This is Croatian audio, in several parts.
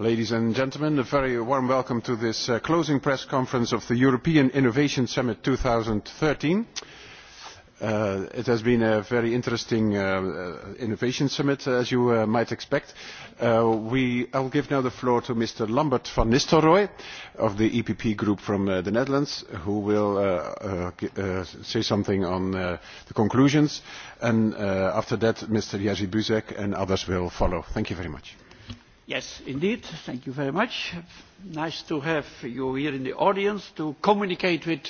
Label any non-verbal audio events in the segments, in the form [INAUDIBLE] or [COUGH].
ladies and gentlemen a very warm welcome to this uh, closing press conference of the european innovation summit. two thousand and thirteen uh, it has been a very interesting uh, innovation summit as you might expect. i will give now the floor to mr lambert van nistelrooij of the epp group from the netherlands who will say something on the conclusions and after that mr jerzy buzek and others will follow. thank you very much. Yes, indeed. Thank you very much. Nice to have you here in the audience to communicate with,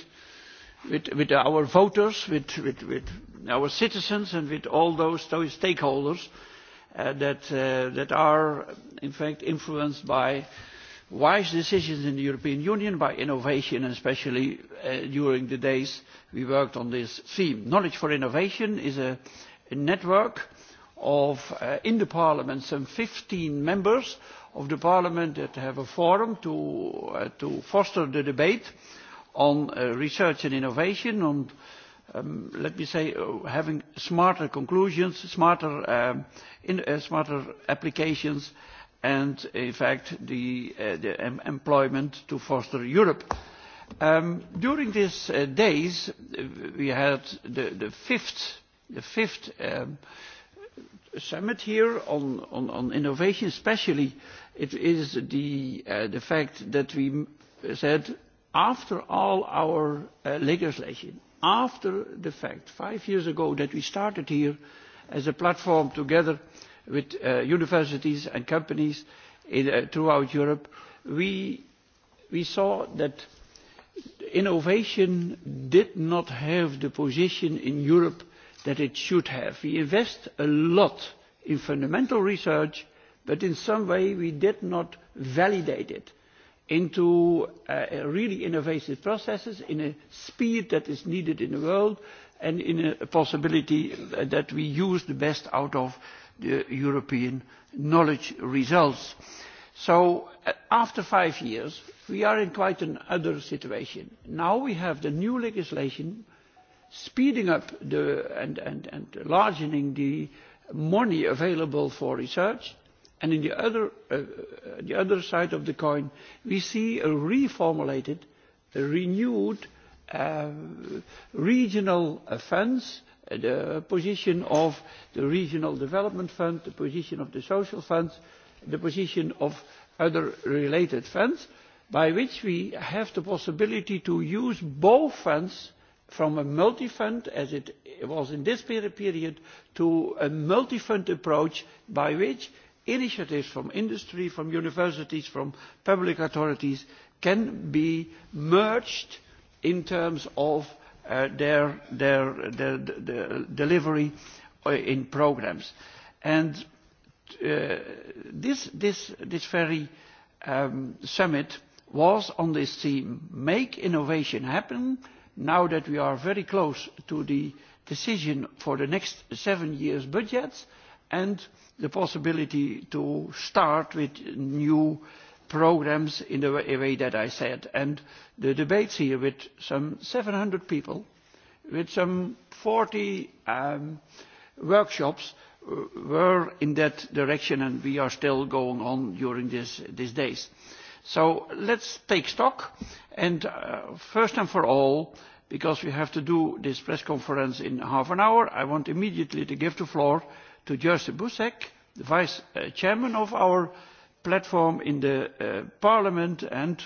with, with our voters, with, with, with our citizens and with all those, those stakeholders uh, that, uh, that are in fact influenced by wise decisions in the European Union, by innovation and especially uh, during the days we worked on this theme. Knowledge for Innovation is a, a network of uh, in the parliament some 15 members of the parliament that have a forum to, uh, to foster the debate on uh, research and innovation, on, um, let me say, uh, having smarter conclusions, smarter, um, in, uh, smarter applications, and in fact the, uh, the employment to foster Europe. Um, during these days, we had the, the fifth, the fifth um, summit here on, on, on innovation especially it is the, uh, the fact that we said after all our uh, legislation, after the fact, five years ago that we started here as a platform together with uh, universities and companies in, uh, throughout Europe, we, we saw that innovation did not have the position in Europe that it should have. We invest a lot in fundamental research, but in some way we did not validate it into uh, really innovative processes in a speed that is needed in the world and in a possibility that we use the best out of the European knowledge results. So uh, after five years, we are in quite another situation. Now we have the new legislation speeding up the, and, and, and largening the money available for research. And in the other, uh, uh, the other side of the coin, we see a reformulated, a renewed um, regional uh, funds, the position of the regional development fund, the position of the social funds, the position of other related funds, by which we have the possibility to use both funds from a multi fund as it was in this period to a multi fund approach by which initiatives from industry from universities from public authorities can be merged in terms of uh, their, their, their, delivery uh, in programmes. And uh, this, this, this very um, summit was on this theme, make innovation happen now that we are very close to the decision for the next seven years' budget and the possibility to start with new programmes in the way that I said. And the debates here with some 700 people, with some 40 um, workshops, uh, were in that direction and we are still going on during these days. So let's take stock and uh, first and for all, because we have to do this press conference in half an hour, I want immediately to give the floor to Jerzy Busek, the Vice uh, Chairman of our platform in the uh, Parliament and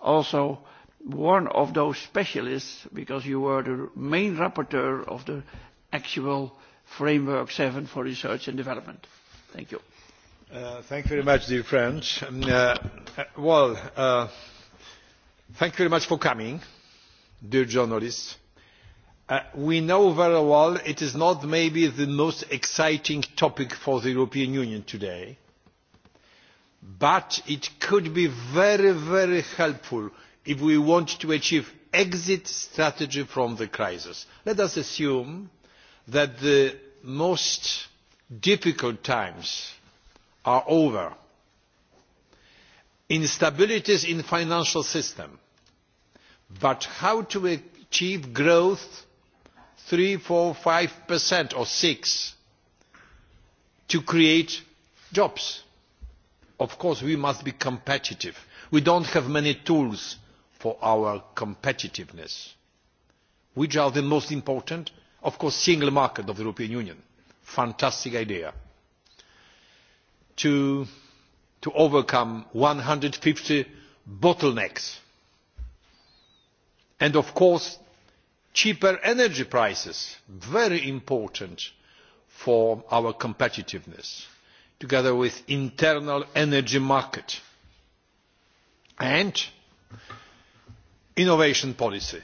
also one of those specialists, because you were the main rapporteur of the actual Framework 7 for Research and Development. Thank you. Uh, thank you very much, dear friends. Um, uh, uh, well, thank you very much for coming, dear journalists. we know very well it is not maybe the most exciting topic for the European Union today, but it could be very, very helpful if we want to achieve exit strategy from the crisis. Let us assume that the most difficult times are over instabilities in the financial system but how to achieve growth three four five percent or six to create jobs of course we must be competitive we don't have many tools for our competitiveness which are the most important of course single market of the european union fantastic idea to, overcome 150 bottlenecks and of course cheaper energy prices very important for our competitiveness together with internal energy market and innovation policy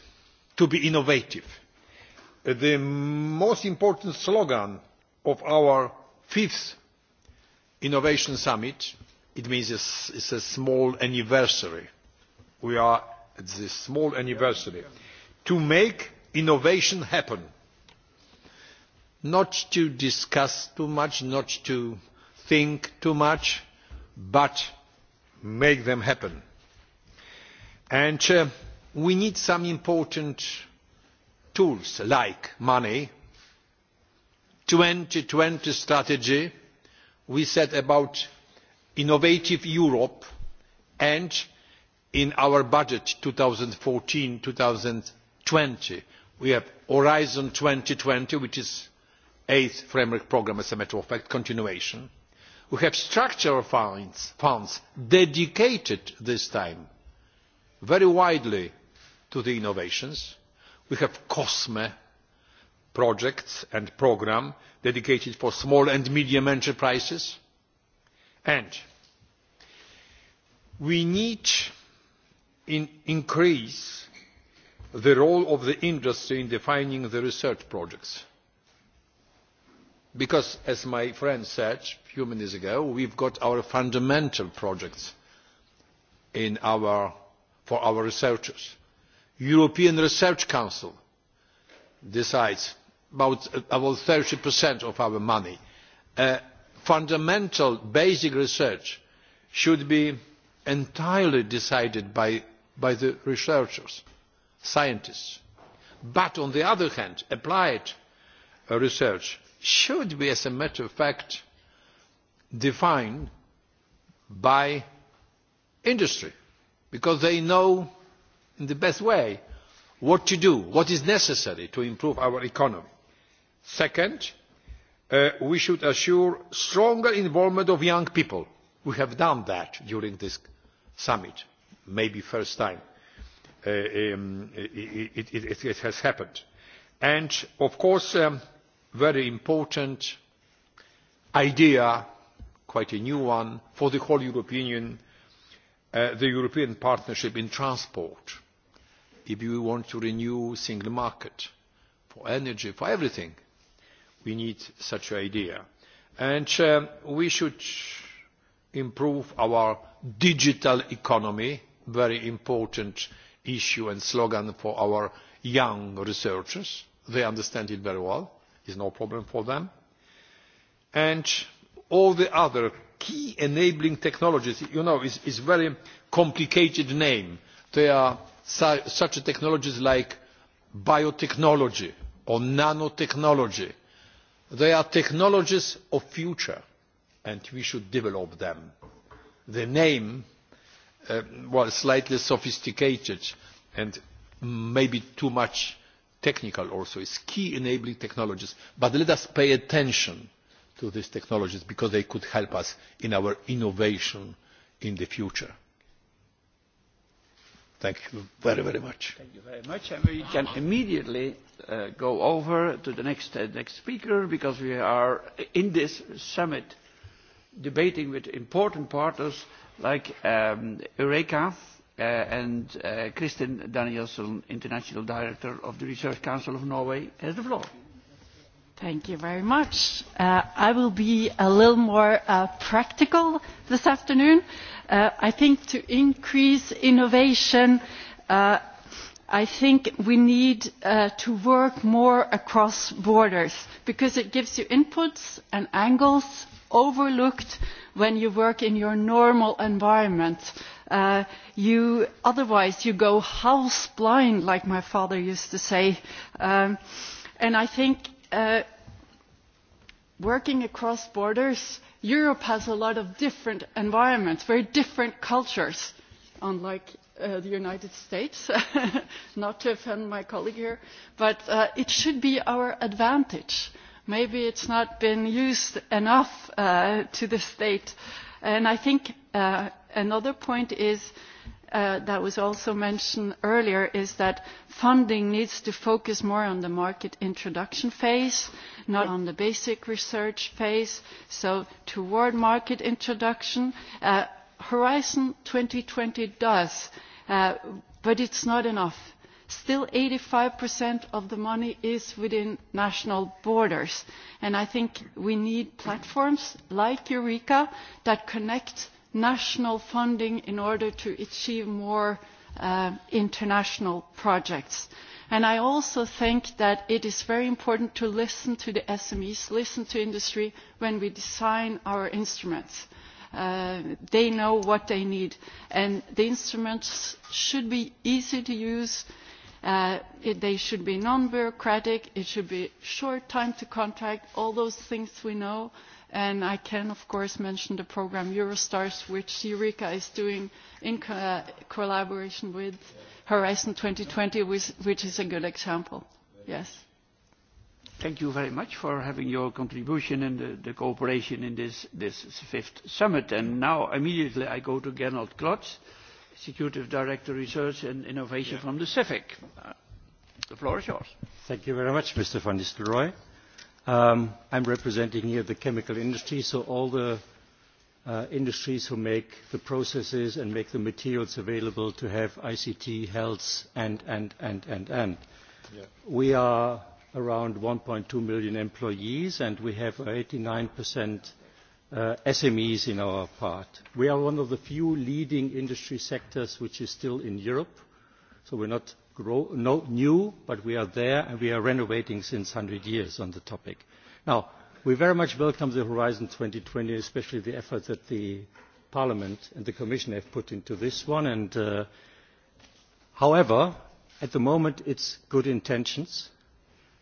to be innovative the most important slogan of our fifth innovation summit it means it is a small anniversary we are at this small anniversary to make innovation happen not to discuss too much not to think too much but make them happen and uh, we need some important tools like money 2020 strategy we said about innovative europe and in our budget two thousand and fourteen two thousand and twenty we have horizon two thousand and twenty which is the eighth framework programme as a matter of fact continuation we have structural funds, funds dedicated this time very widely to the innovations we have cosme projects and programmes dedicated for small and medium enterprises and we need to increase the role of the industry in defining the research projects because as my friend said a few minutes ago we have got our fundamental projects in our, for our researchers. the european research council decides Uh, about thirty 30% of our money uh, fundamental basic research should be entirely decided by by the researchers scientists but on the other hand applied uh, research should be as a matter of fact defined by industry because they know in the best way what to do what is necessary to improve our economy second uh, we should assure stronger involvement of young people we have done that during this summit maybe the first time uh, um, it, has happened and of course a um, very important idea quite a new one for the whole european union uh, the european partnership in transport if you want to renew the single market for energy for everything we need such an idea. And um, we should improve our digital economy, very important issue and slogan for our young researchers. They understand it very well. It's no problem for them. And all the other key enabling technologies, you know, is, is very complicated name. There are su such technologies like biotechnology or nanotechnology they are technologies of future and we should develop them. the name uh, while slightly sophisticated and maybe too much technical also is key enabling technologies but let us pay attention to these technologies because they could help us in our innovation in the future. Thank you very, very much. Thank you very much. And we can immediately uh, go over to the next, uh, next speaker because we are in this summit debating with important partners like um, Eureka uh, and uh, Kristin Danielson, International Director of the Research Council of Norway, has the floor. Thank you very much. Uh, I will be a little more uh, practical this afternoon. Uh, I think to increase innovation, uh, I think we need uh, to work more across borders because it gives you inputs and angles overlooked when you work in your normal environment. Uh, you, otherwise you go house blind like my father used to say um, and i think Uh, working across borders europe has a lot of different environments very different cultures unlike uh, the united states [LAUGHS] not to offend my colleague here but uh, it should be our advantage maybe it's not been used enough to the state and i think another point is Uh, that was also mentioned earlier is that funding needs to focus more on the market introduction phase not on the basic research phase so toward market introduction uh, horizon 2020 does uh, but it's not enough still 85% of the money is within national borders and i think we need platforms like eureka that connect national funding in order to achieve more uh, international projects. And I also think that it is very important to listen to the SMEs, listen to industry when we design our instruments. Uh, they know what they need and the instruments should be easy to use, uh, they should be non bureaucratic, it should be short time to contract, all those things we know and i can of course mention the programme eurostars which eureka is doing in uh, collaboration with horizon 2020, twenty which is a good example. yes. thank you very much for having your contribution and the, cooperation in this, this fifth summit. and now immediately i go to gernot klotz executive director research and innovation from the cefic. Uh, the floor is yours. thank you very much mr van nistelrooij. I um, I'm representing here the chemical industry, so all the uh, industries who make the processes and make the materials available to have ICT, health, and, and, and, and, We are around two million employees, and we have 89% Uh, SMEs in our part. We are one of the few leading industry sectors which is still in Europe, so we are not not new, but we are there and we are renovating since hundred years on the topic. Now, we very much welcome the Horizon 2020, especially the effort that the Parliament and the Commission have put into this one. And, uh, however, at the moment is good intentions,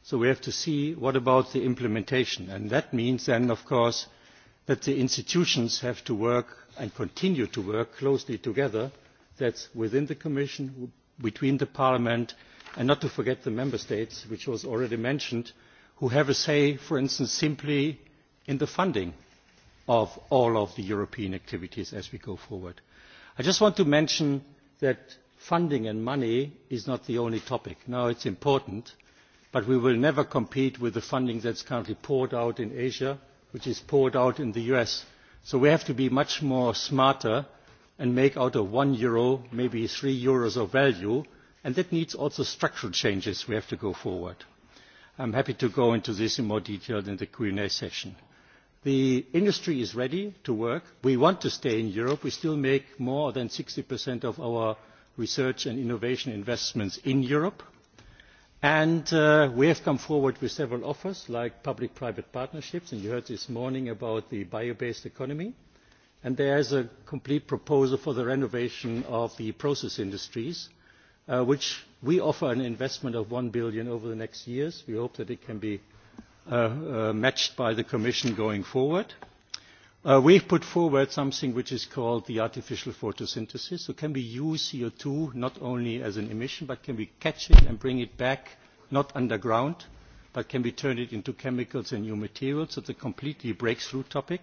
so we have to see what about the implementation. And that means then, of course, that the institutions have to work and continue to work closely together that is within the commission between parliament and not to forget the member states which was already mentioned who have a say for instance simply in the funding of all of the european activities as we go forward. i just want to mention that funding and money is not the only topic. it is important but we will never compete with the funding that is currently poured out in asia which is poured out in the us so we have to be much more smarter and make out of one euro maybe three euros of value and that needs also structural changes we have to go forward. i am happy to go into this in more detail in the q&a session. the industry is ready to work. we want to stay in europe. we still make more than 60% of our research and innovation investments in europe and uh, we have come forward with several offers like public private partnerships and you heard this morning about the bio based economy and there is a complete proposal for the renovation of the process industries uh, which we offer an investment of eur one billion over the next years. we hope that it can be uh, uh, matched by the commission going forward. we have put forward something which is called the artificial photosynthesis so can we use co two not only as an emission but can we catch it and bring it back not underground but can we turn it into chemicals and new materials? it is a completely breakthrough topic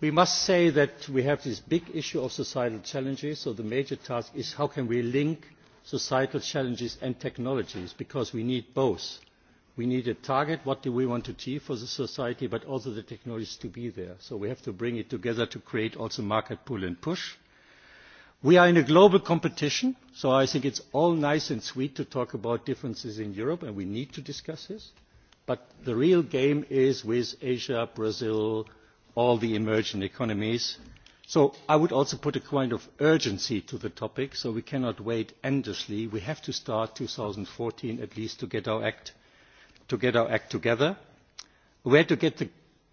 we must say that we have this big issue of societal challenges so the major task is how can we link societal challenges and technologies because we need both. we need a target what do we want to achieve for the society but also the technologies to be there so we have to bring it together to create also market pull and push. we are in a global competition so i think it is all nice and sweet to talk about differences in europe and we need to discuss this but the real game is with asia brazil all the emerging economies. So I would also put a kind of urgency to the topic, so we cannot wait endlessly. We have to start 2014 at least to get our act, to get our act together. We have to get the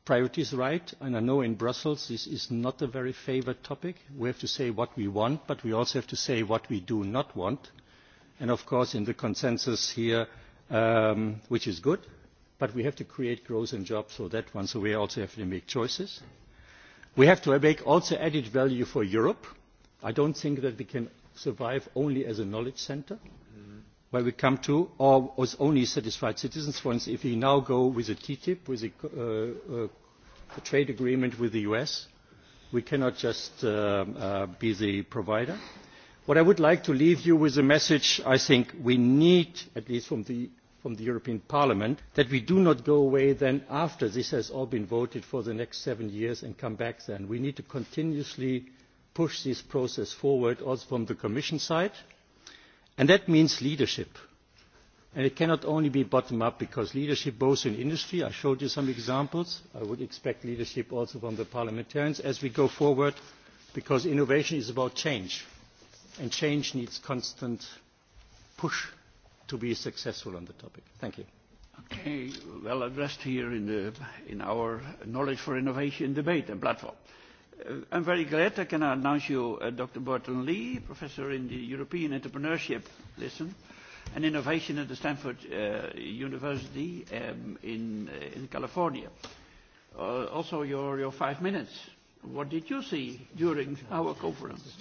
priorities right, and I know in Brussels this is not a very favoured topic. We have to say what we want, but we also have to say what we do not want. And of course in the consensus here, um, which is good, but we have to create growth and jobs for that one so we also have to make choices. we have to make also added value for europe. i do not think that we can survive only as a knowledge centre mm-hmm. where we come to or as only satisfied citizens. for instance if we now go with a ttip with uh, uh, a, trade agreement with the us we cannot just uh, be the provider. what i would like to leave you with a message i think we need at least from the from the european parliament that we do not go away then after this has all been voted for the next seven years and come back then. we need to continuously push this process forward also from the commission side and that means leadership and it cannot only be bottom up because leadership both in industry i showed you some examples i would expect leadership also from the parliamentarians as we go forward because innovation is about change and change needs constant push to be successful on the topic. Thank you. Okay, well addressed here in, the, in our Knowledge for Innovation debate and platform. Uh, I'm very glad I can announce you uh, Dr. Burton Lee, professor in the European Entrepreneurship Listen and Innovation at the Stanford uh, University um, in, uh, in California. Uh, also, your, your five minutes. What did you see during our conference?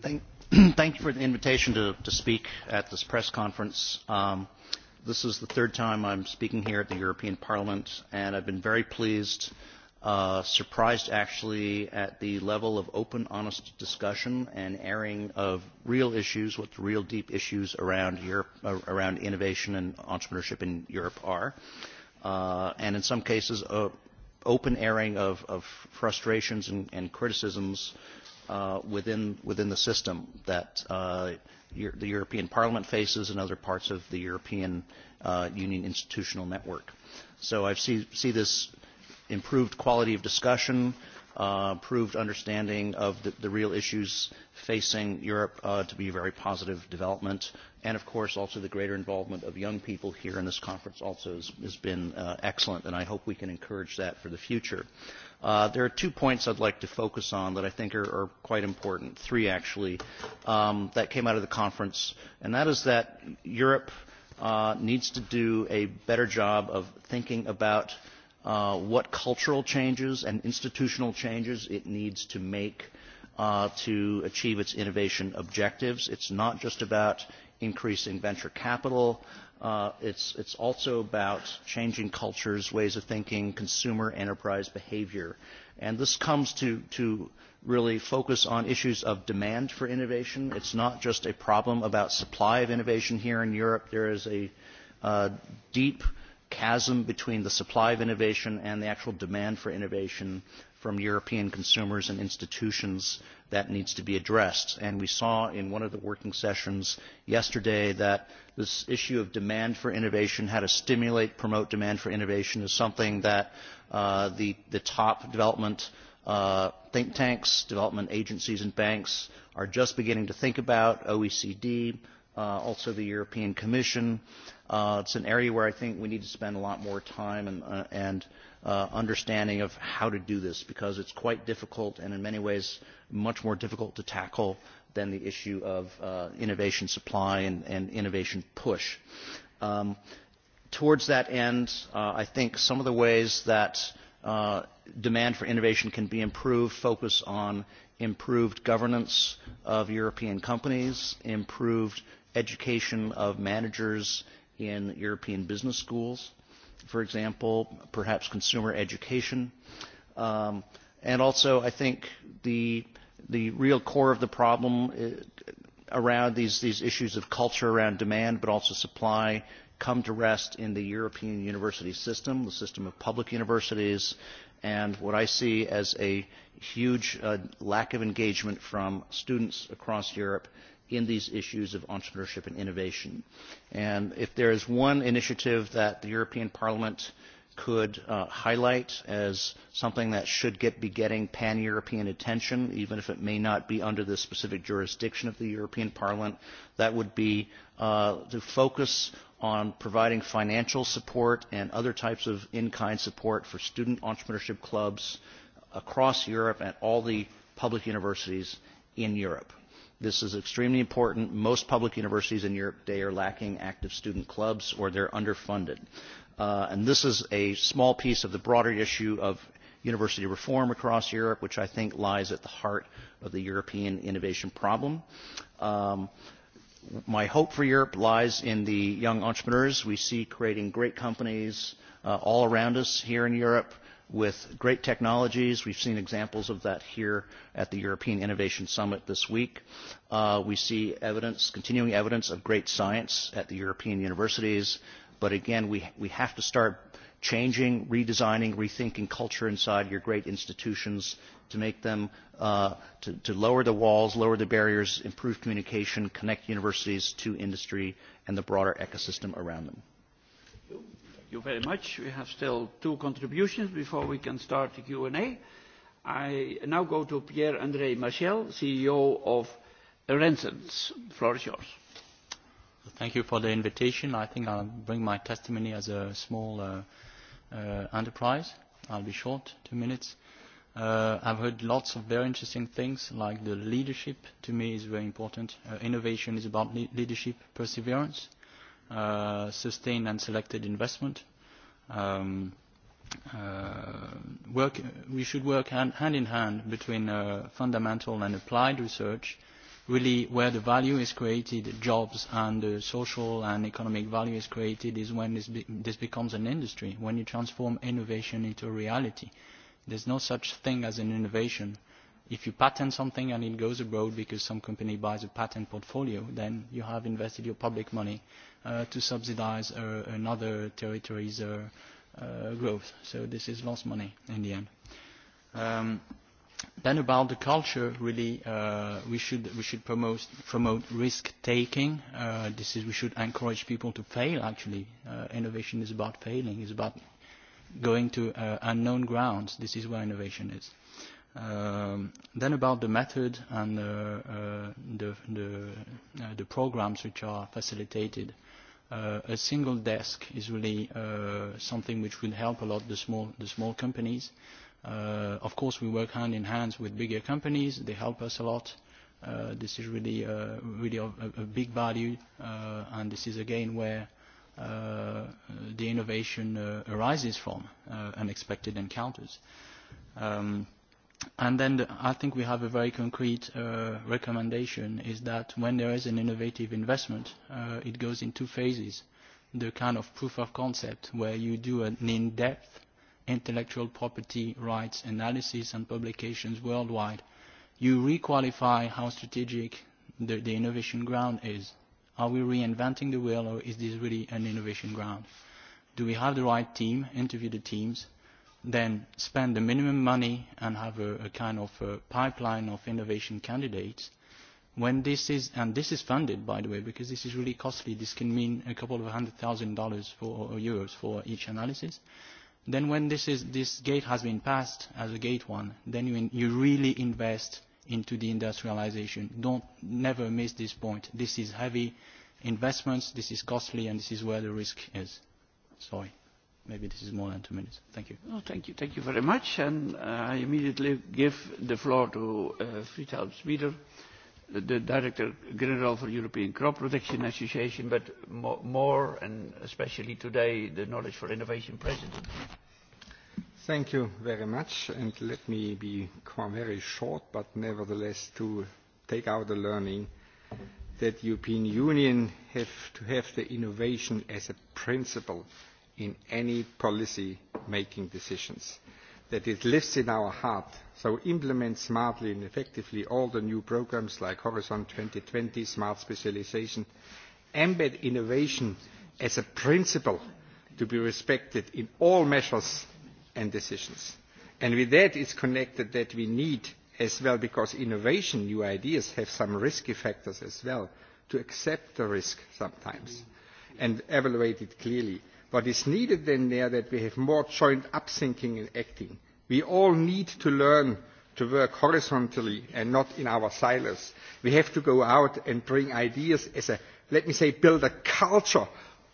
Thank, [CLEARS THROAT] thank you for the invitation to, to speak at this press conference. Um, this is the third time I'm speaking here at the European Parliament, and I've been very pleased, uh, surprised actually, at the level of open, honest discussion and airing of real issues, what the real deep issues around, Europe, uh, around innovation and entrepreneurship in Europe are. Uh, and in some cases, uh, open airing of, of frustrations and, and criticisms uh, within, within the system that uh, the European Parliament faces and other parts of the European uh, Union institutional network. So I see, see this improved quality of discussion, uh, proved understanding of the, the real issues facing Europe uh, to be a very positive development. And of course, also the greater involvement of young people here in this conference also has, has been uh, excellent, and I hope we can encourage that for the future. Uh, there are two points I'd like to focus on that I think are, are quite important, three actually, um, that came out of the conference, and that is that Europe uh, needs to do a better job of thinking about – Uh, what cultural changes and institutional changes it needs to make uh, to achieve its innovation objectives. It's not just about increasing venture capital. Uh, it's, it's also about changing cultures, ways of thinking, consumer enterprise behavior. And this comes to, to really focus on issues of demand for innovation. It's not just a problem about supply of innovation here in Europe. There is a uh, deep chasm between the supply of innovation and the actual demand for innovation from European consumers and institutions that needs to be addressed. And we saw in one of the working sessions yesterday that this issue of demand for innovation, how to stimulate, promote demand for innovation is something that uh, the, the top development uh, think tanks, development agencies and banks are just beginning to think about, OECD, uh, also the European Commission. Uh, Uh, it's an area where I think we need to spend a lot more time and, uh, and uh, understanding of how to do this because it's quite difficult and in many ways much more difficult to tackle than the issue of uh, innovation supply and, and innovation push. Um, towards that end, uh, I think some of the ways that uh, demand for innovation can be improved focus on improved governance of European companies, improved education of managers in European business schools, for example, perhaps consumer education. Um, and also, I think the, the real core of the problem uh, around these, these issues of culture around demand, but also supply, come to rest in the European university system, the system of public universities, and what I see as a huge uh, lack of engagement from students across Europe in these issues of entrepreneurship and innovation. And if there is one initiative that the European Parliament could uh, highlight as something that should get, be getting pan-European attention, even if it may not be under the specific jurisdiction of the European Parliament, that would be uh, to focus on providing financial support and other types of in-kind support for student entrepreneurship clubs across Europe and all the public universities in Europe This is extremely important. Most public universities in Europe today are lacking active student clubs or they're underfunded. Uh, and this is a small piece of the broader issue of university reform across Europe, which I think lies at the heart of the European innovation problem. Um, my hope for Europe lies in the young entrepreneurs we see creating great companies uh, all around us here in Europe with great technologies. We've seen examples of that here at the European Innovation Summit this week. Uh, we see evidence, continuing evidence of great science at the European universities. But again, we, we have to start changing, redesigning, rethinking culture inside your great institutions to make them, uh, to, to lower the walls, lower the barriers, improve communication, connect universities to industry and the broader ecosystem around them you very much. We have still two contributions before we can start the Q&A. I now go to Pierre-André Machel, CEO of Renzens. The floor is yours. Thank you for the invitation. I think I'll bring my testimony as a small uh, uh, enterprise. I'll be short, two minutes. I uh, I've heard lots of very interesting things, like the leadership to me is very important. Uh, innovation is about leadership, perseverance uh, sustained and selected investment. Um, uh, work, we should work hand, hand in hand between uh, fundamental and applied research, really where the value is created, jobs and the social and economic value is created is when this, be this becomes an industry, when you transform innovation into reality. There's no such thing as an innovation if you patent something and it goes abroad because some company buys a patent portfolio, then you have invested your public money uh, to subsidize uh, another territory's uh, uh, growth. So this is lost money in the end. Um, then about the culture, really, uh, we should, we should promote, promote risk-taking. Uh, this is, we should encourage people to fail, actually. Uh, innovation is about failing. It's about going to uh, unknown grounds. This is where innovation is. Um, then about the method and uh, uh, the, the, uh, the programs which are facilitated Uh, a single desk is really uh, something which will help a lot the small, the small companies. Uh, of course, we work hand in hand with bigger companies. They help us a lot. Uh, this is really, uh, really a, a big value, uh, and this is again where uh, the innovation uh, arises from uh, unexpected encounters. Um, And then the, I think we have a very concrete uh, recommendation is that when there is an innovative investment, uh, it goes in two phases. The kind of proof of concept where you do an in-depth intellectual property rights analysis and publications worldwide. You requalify how strategic the, the innovation ground is. Are we reinventing the wheel or is this really an innovation ground? Do we have the right team, interview the teams, then spend the minimum money and have a, kind of a pipeline of innovation candidates when this is and this is funded by the way because this is really costly this can mean a couple of hundred thousand dollars for or euros for each analysis then when this is this gate has been passed as a gate one then you in, you really invest into the industrialization don't never miss this point this is heavy investments this is costly and this is where the risk is sorry maybe this is more than two minutes. Thank you. Oh, thank you. Thank you very much. And uh, I immediately give the floor to uh, Friedhelm the Director General for European Crop Protection Association, but mo more and especially today, the Knowledge for Innovation President. Thank you very much. And let me be quite very short, but nevertheless to take out the learning that the European Union have to have the innovation as a principle in any policy making decisions that it lives in our heart so implement smartly and effectively all the new programmes like horizon 2020, twenty smart specialisation embed innovation as a principle to be respected in all measures and decisions. and with that is connected that we need as well because innovation new ideas have some risky factors as well to accept the risk sometimes and evaluate it clearly what is needed then there that we have more joint up thinking and acting. we all need to learn to work horizontally and not in our silos. we have to go out and bring ideas as a let me say build a culture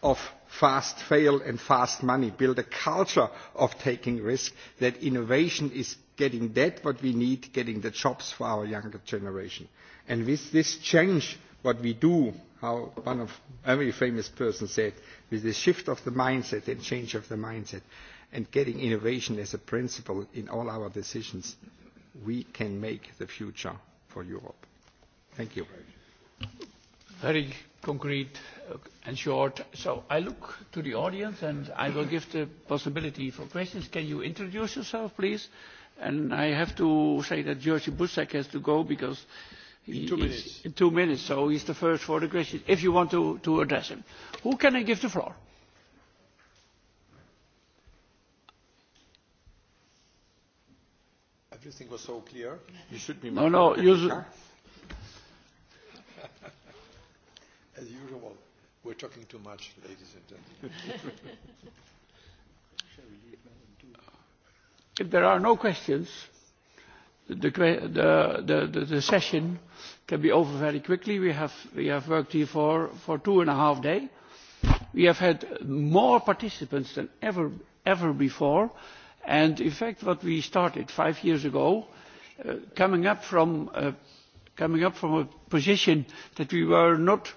of fast fail and fast money build a culture of taking risk, that innovation is getting that what we need getting the jobs for our younger generation. and with this change what we do how one of every famous person said with the shift of the mindset and change of the mindset and getting innovation as a principle in all our decisions, we can make the future for Europe. Thank you. Very concrete uh, and short. So I look to the audience and I will give the possibility for questions. Can you introduce yourself, please? And I have to say that Georgi Busek has to go because In two minutes. In two minutes, so he's the first for the question, if you want to, to address him. Who can I give the floor? Everything was so clear. You should be... No, no, [LAUGHS] As usual, we're talking too much, ladies and gentlemen. [LAUGHS] if there are no questions, the, the, the, the session can be over very quickly. We have, we have worked here for, for two and a half days. We have had more participants than ever, ever before. And in fact, what we started five years ago, uh, coming, up from, uh, coming up from a position that we were not,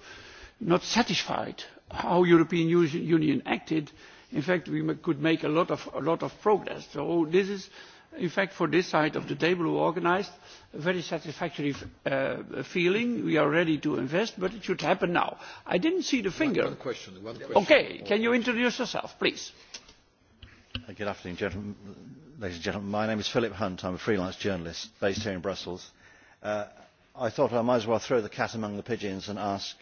not satisfied how European Union acted, in fact, we could make a lot of, a lot of progress. So this is in fact for this side of the table who organised a very satisfactory uh, feeling we are ready to invest but it should happen now. i did not see the finger. okay can you introduce yourself please? Uh, good afternoon gentlemen, ladies and gentlemen. my name is philip hunt. i am a freelance journalist based here in brussels. Uh, i thought i might as well throw the cat among the pigeons and ask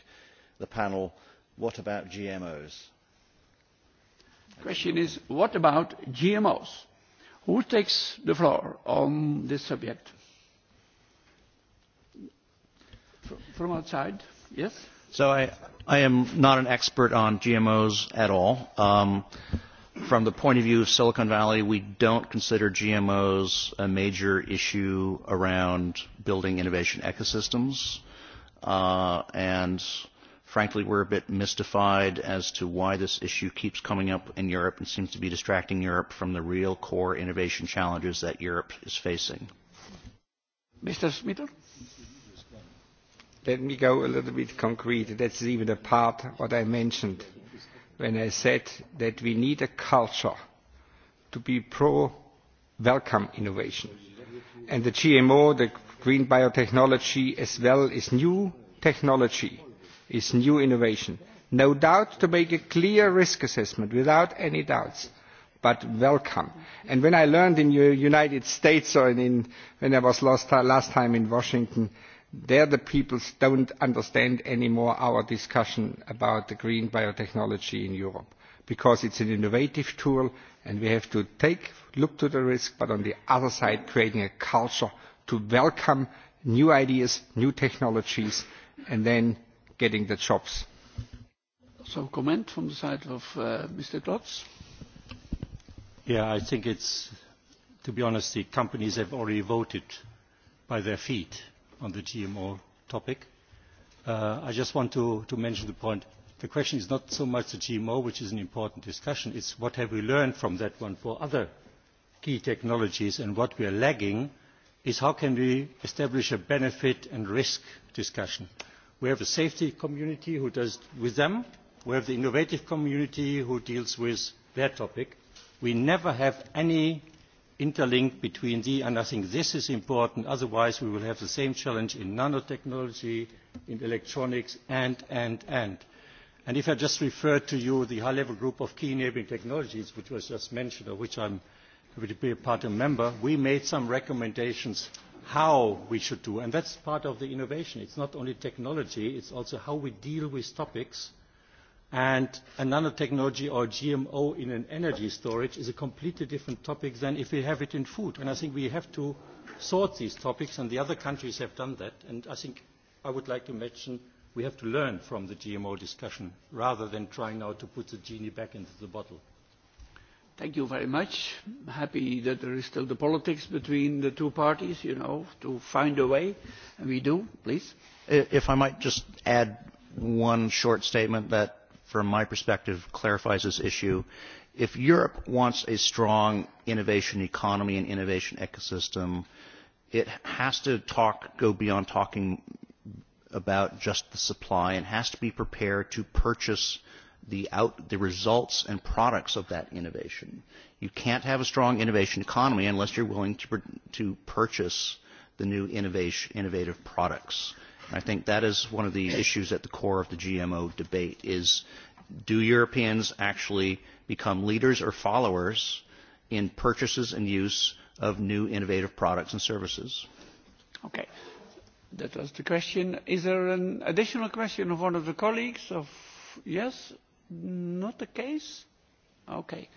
the panel what about gmos? the question is what about gmos? Who takes the floor on this subject? From outside, yes? So I, I am not an expert on GMOs at all. Um, from the point of view of Silicon Valley, we don't consider GMOs a major issue around building innovation ecosystems. Uh, and frankly we're a bit mystified as to why this issue keeps coming up in Europe and seems to be distracting Europe from the real core innovation challenges that Europe is facing. Mr. Smither? Let me go a little bit concrete. That's even a part what I mentioned when I said that we need a culture to be pro-welcome innovation. And the GMO, the green biotechnology as well, is new technology is new innovation. No doubt to make a clear risk assessment without any doubts, but welcome. And when I learned in the United States or in, when I was last, time in Washington, there the people not understand anymore our discussion about green biotechnology in Europe because it is an innovative tool and we have to take look to the risk but on the other side creating a culture to welcome new ideas, new technologies and then getting the jobs. Some comment from the side of uh, Mr. Klotz? Yeah, I think it's, to be honest, the companies have already voted by their feet on the GMO topic. Uh, I just want to, to mention the point. The question is not so much the GMO, which is an important discussion, it's what have we learned from that one for other key technologies and what we are lagging is how can we establish a benefit and risk discussion we have a safety community who deals with them we have the innovative community who deals with their topic. we never have any interlink between these and i think this is important otherwise we will have the same challenge in nanotechnology in electronics and and and. and if i just refer to you the high level group of key enabling technologies which was just mentioned of which i am happy to be a part and member we made some recommendations how we should do and that's part of the innovation it's not only technology it's also how we deal with topics and a nanotechnology or gmo in an energy storage is a completely different topic than if we have it in food and i think we have to sort these topics and the other countries have done that and i think i would like to mention we have to learn from the gmo discussion rather than trying now to put the genie back into the bottle Thank you very much. happy that there is still the politics between the two parties, you know, to find a way, and we do. Please. If I might just add one short statement that, from my perspective, clarifies this issue. If Europe wants a strong innovation economy and innovation ecosystem, it has to talk, go beyond talking about just the supply and has to be prepared to purchase the, out, the results and products of that innovation. You can't have a strong innovation economy unless you're willing to, to purchase the new innovation, innovative products. And I think that is one of the issues at the core of the GMO debate is do Europeans actually become leaders or followers in purchases and use of new innovative products and services? Okay. That was the question. Is there an additional question of one of the colleagues? Of Yes? not the case? Okay.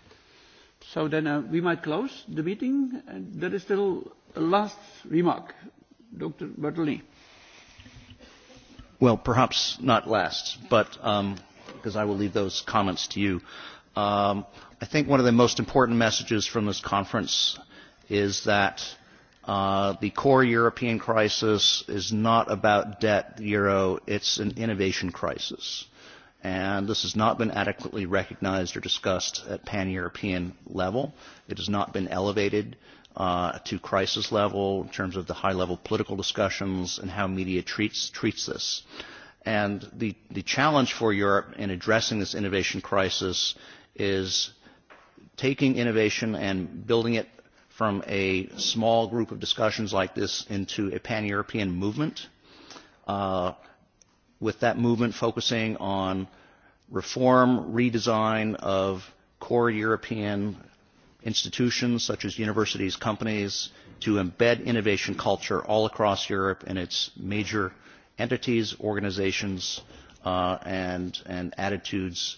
So then uh, we might close the meeting. And there is still a last remark. Dr. Bertolini. Well, perhaps not last, but um, because I will leave those comments to you. Um, I think one of the most important messages from this conference is that uh, the core European crisis is not about debt, the euro, it's an innovation crisis and this has not been adequately recognized or discussed at pan-European level. It has not been elevated uh, to crisis level in terms of the high-level political discussions and how media treats, treats this. And the, the challenge for Europe in addressing this innovation crisis is taking innovation and building it from a small group of discussions like this into a pan-European movement. Uh, with that movement focusing on reform, redesign of core European institutions such as universities, companies, to embed innovation culture all across Europe and its major entities, organizations, uh, and, and attitudes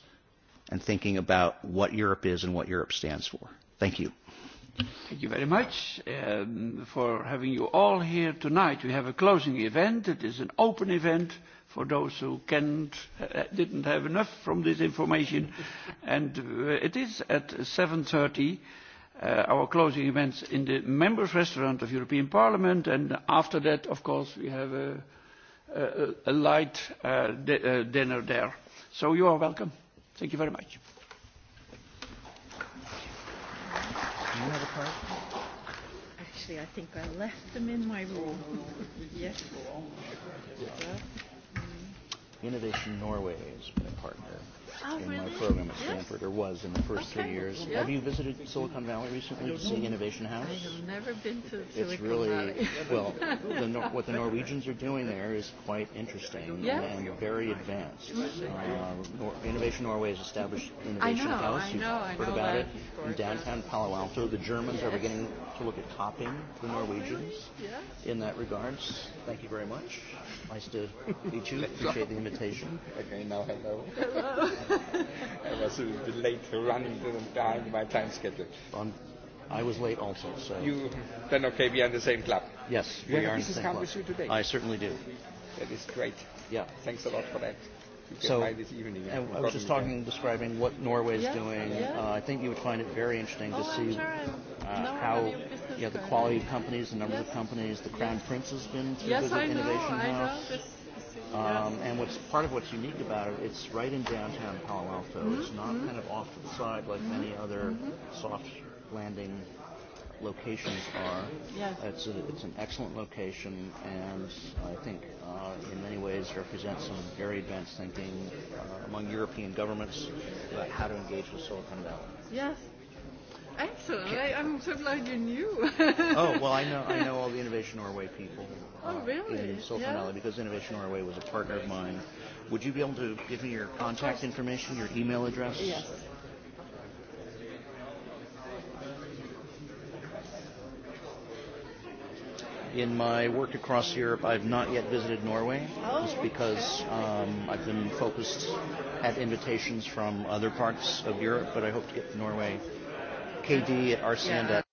and thinking about what Europe is and what Europe stands for. Thank you. Thank you very much um, for having you all here tonight. We have a closing event. It is an open event for those who can't, uh, didn't have enough from this information. [LAUGHS] And uh, it is at 7.30. Uh, our closing events in the members' restaurant of European Parliament. And after that, of course, we have a, a light uh, uh, dinner there. So you are welcome. Thank you very much. another part? Actually, I think I left them in my room. [LAUGHS] yes. Innovation Norway has been a partner oh, in really? my program at Stanford, or was in the first okay. three years. Yeah. Have you visited Silicon Valley recently to see Innovation House? I have never been to it's really, Valley. [LAUGHS] well, the Nor what the Norwegians are doing there is quite interesting yes. and very advanced. Uh, Nor Innovation Norway has established Innovation I know, House. I know, You've I know heard about it. In downtown Palo Alto, the Germans yes. are beginning to look at copying the Norwegians oh, really? in that regard. Thank you very much. Nice to meet you appreciate the invitation? Okay, now hello. I was a bit late for running behind my time schedule. Um, I was late also, so. You, then okay, we are in the same club. Yes, we, we are in the same club. With you today. I certainly do. That is great. Yeah. Thanks a lot for that so, this evening. I, I was just talking, describing what Norway is doing. Uh, I think you would find it very interesting to oh, see uh, how you know, the quality of companies, the number yes. of companies, the Crown yes. Prince has been through yes, the Innovation know, House. Um, and what's part of what's unique about it, it's right in downtown Palo Alto. Mm -hmm. It's mm-hmm. not mm -hmm. kind of off to the side like mm -hmm. many mm-hmm. other mm -hmm. soft landing locations are. Yeah. It's, a, it's an excellent location, and I think uh, in many ways represents some very advanced thinking uh, among European governments about how to engage with Silicon Valley. Yes. Excellent. I, I'm so glad you knew. oh well, I know I [LAUGHS] know all the Innovation Norway people. Uh, oh really? In Silicon yeah. Valley because Innovation Norway was a partner of mine. Would you be able to give me your contact information, your email address? Yes. in my work across Europe, I've not yet visited Norway, oh, just because um, I've been focused at invitations from other parts of Europe, but I hope to get to Norway. KD at RCN. Yeah.